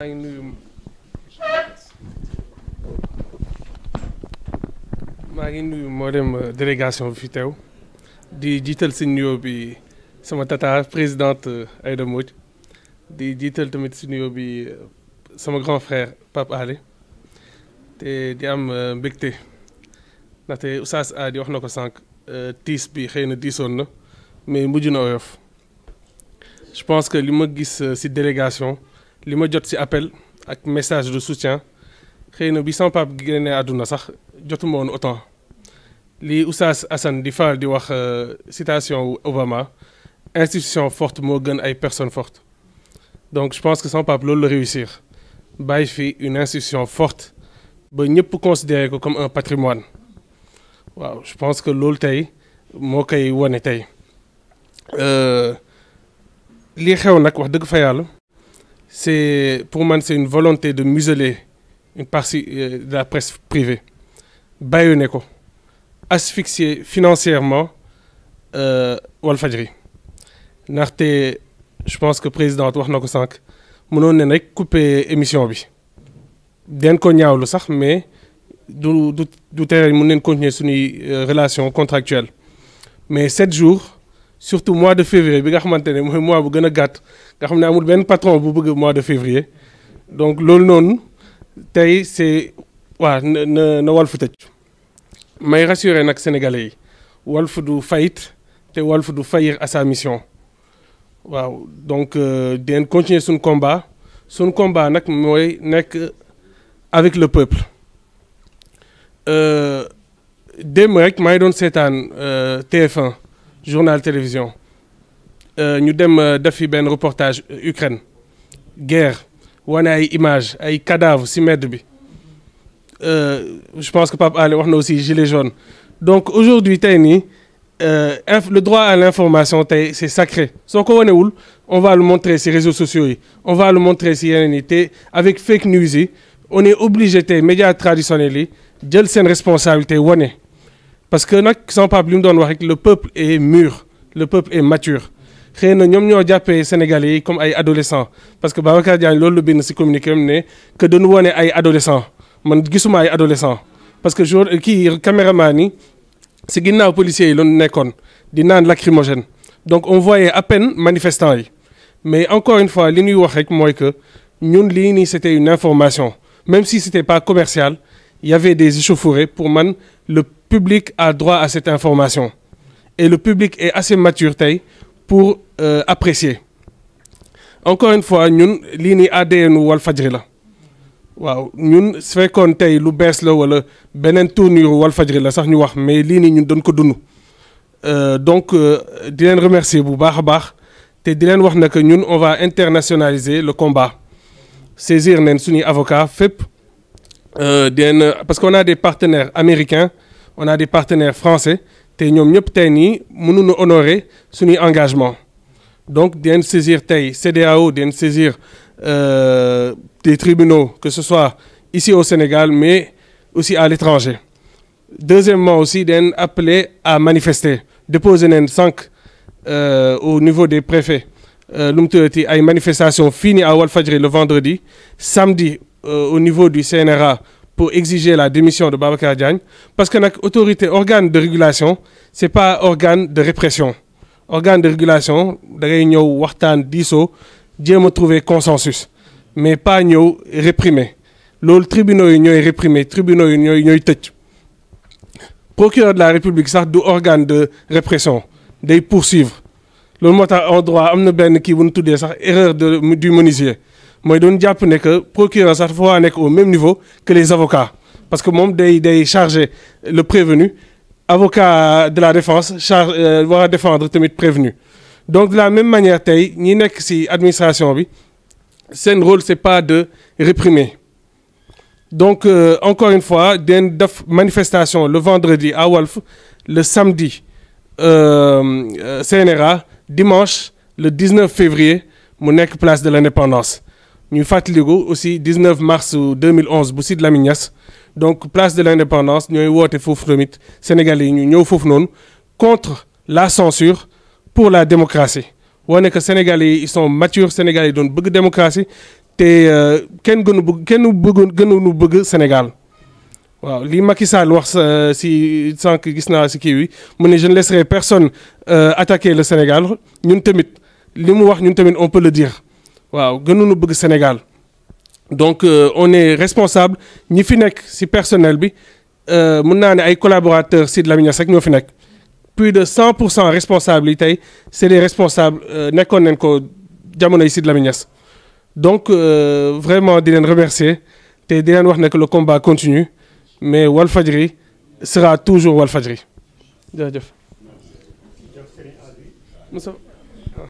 maa ngi nuyu maa moo dem euh, délégation bi fi teew di jiital si nuyoo bi sama tata présidente euh, Aïda di jiital tamit si nuyoo bi euh, sama grand frère Pape Ali te di am mbégte ndaxte Oustaz Adi wax na ko sànq tiis bi xëy na diisoon na mais mujj na oyof je pense que li ma gis si délégation. li ma jot si appel ak message de soutien xëy na bi sama gi génne àdduna sax jotuma woon autant li Oustaz Assane di faral di wax euh, citation wu Obama institution forte moo gën ay personne forte donc je pense que sama loolu la réussir bàyyi fi une institution forte ba ñëpp considérer ko comme un patrimoine waaw je pense que loolu tey moo koy wane tey euh, lii xew nag wax dëgg fa yàlla c'est pour man c'est une volonté de museler une partie euh, de la presse privée bâillonner ko asphyxier financièrement euh, Walfadjri ndaxte je pense que présidente wax na ko sànq mënoon ne rek couper émission bi den ko ñaawlu sax mais du du du tere mën neen continuer suñuy euh, relation contractuelle mais sept jours surtout mois de février bi nga xamante ne mooy mois bu gën a gàtt nga xam ne amul benn patron bu bëgg mois de février donc loolu noonu tey c'est waa na na Walf tëj may rassurer nag sénégalais yi fu du fayit te Walf du faillir à sa mission waaw donc euh, dinañ continuer suñu combat suñu combat nag mooy nekk avec le peuple euh, démb rek maa ngi doon seetaan euh, TF1 journal télévision euh, ñu dem euh, def fi benn reportage euh, Ukraine guerre wane ay images ay cadavres ci mbedd bi je pense que Pape Alé wax na aussi gilet jaune donc aujourd'hui tey nii inf le droit à l'information tey c'est sacré soo ko wanewul on va le montrer ci réseaux sociaux yi on va le montrer ci yeneen yi te avec fake news yi on est obligé tey médias traditionnels yi jël seen responsabilité wane. parce que nag sans Pape li mu doon wax rek le peuple est mûr le peuple est mature xëy na ñoom ñoo jàppee sénégal yi comme ay adolescents parce que Babacar Diagne loolu la bind si communiqué am ne que dañu wone ay adolescents man gisuma ay adolescents parce que jour kii caméraman yi si ginnaaw policiers yi lañu nekkoon di naan lacrymogène donc on voyait à peine manifestants yi mais encore une fois li ñuy wax rek mooy que ñun lii ni c'était une information même si c'était pas man public a droit à cette information et le public est assez mature tey pour euh, apprécier encore une fois ñun lii nii ADN wal fajri la waaw ñun su fekkoon tey lu bees la wala beneen tournure wal fajri la sax ñu wax mais lii nii ñun doon ko dund euh, donc euh, di leen remercier bu baax a baax te di leen wax na que ñun on va internationaliser le combat saisir nañ suñuy avocat fépp parce qu'on a des partenaires américains on a des partenaires français te ñoom ñëpp tey nii mënuñu honorer suñuy engagement donc di saisir tey CEDEAO di leen saisir euh, des tribunaux que ce soit ici au Sénégal mais aussi à l'étranger deuxièmement aussi di leen appeler à manifester déposer neen sànq euh, au niveau des préfets euh, lu mu ti ay manifestation fii nii à Walfadjri le vendredi samedi euh, au niveau du CNRA pour exiger la démission de Babacar Diagne parce que nag autorité organe de régulation c'est pas organe de répression organe de régulation da ngay ñëw waxtaan diisoo jéem a trouver consensus mais pas ñëw réprimer loolu tribunaux yi ñooy réprimer tribunaux yi ñooy ñooy tëj procureur de la république sax du organe de répression day poursuivre loolu moo tax en droit am na benn kii bu ñu tuddee sax erreur de du menuisier mooy doon jàpp ne que procureur sax dafa nekk au même niveau que les parce que moom day day chargé le prévenu avocat de la défense charge euh, war a défendre tamit prévenu donc la même manière tey ñi nekk ci administration bi seen rôle c'est pas de réprimer donc euh, encore une fois den def manifestation le vendredi à Walf le samedi euh, euh CNRA dimanche le 19 février mu nekk place de l'indépendance ñuy fàttaliku aussi 19 mars 2011 bu Sidy Lamine Niass donc place de l'indépendance ñooy woote foofu tamit sénégal yi ñu ñëw foofu noonu contre la censure pour la démocratie wane que Sénégalais yi ils sont matures Sénégalais yi doon bëgg démocratie te euh, kenn gënu bëgg kenn bëggoon gënuñu bëgg Sénégal waaw li Macky Sall wax euh, si sànq gis naa si kii wi mu ne je ne laisserai personne euh, attaquer le Sénégal ñun tamit li mu wax ñun tamit on peut le dire. waaw gënuñu bëgg Sénégal donc euh, on est responsable ñi fi nekk si personnel bi euh, mën naa ne ay collaborateurs Sidy Lamine Niass rek ñoo fi nekk plus de cent pour cent responsables yi tey c'est des responsables euh, nekkoon nañ ko jamonoy Sidy Lamine Niass donc euh, vraiment di leen remercier te di leen wax ne que le combat continue mais Walfadjri sera toujours Walfadjri jërëjëf.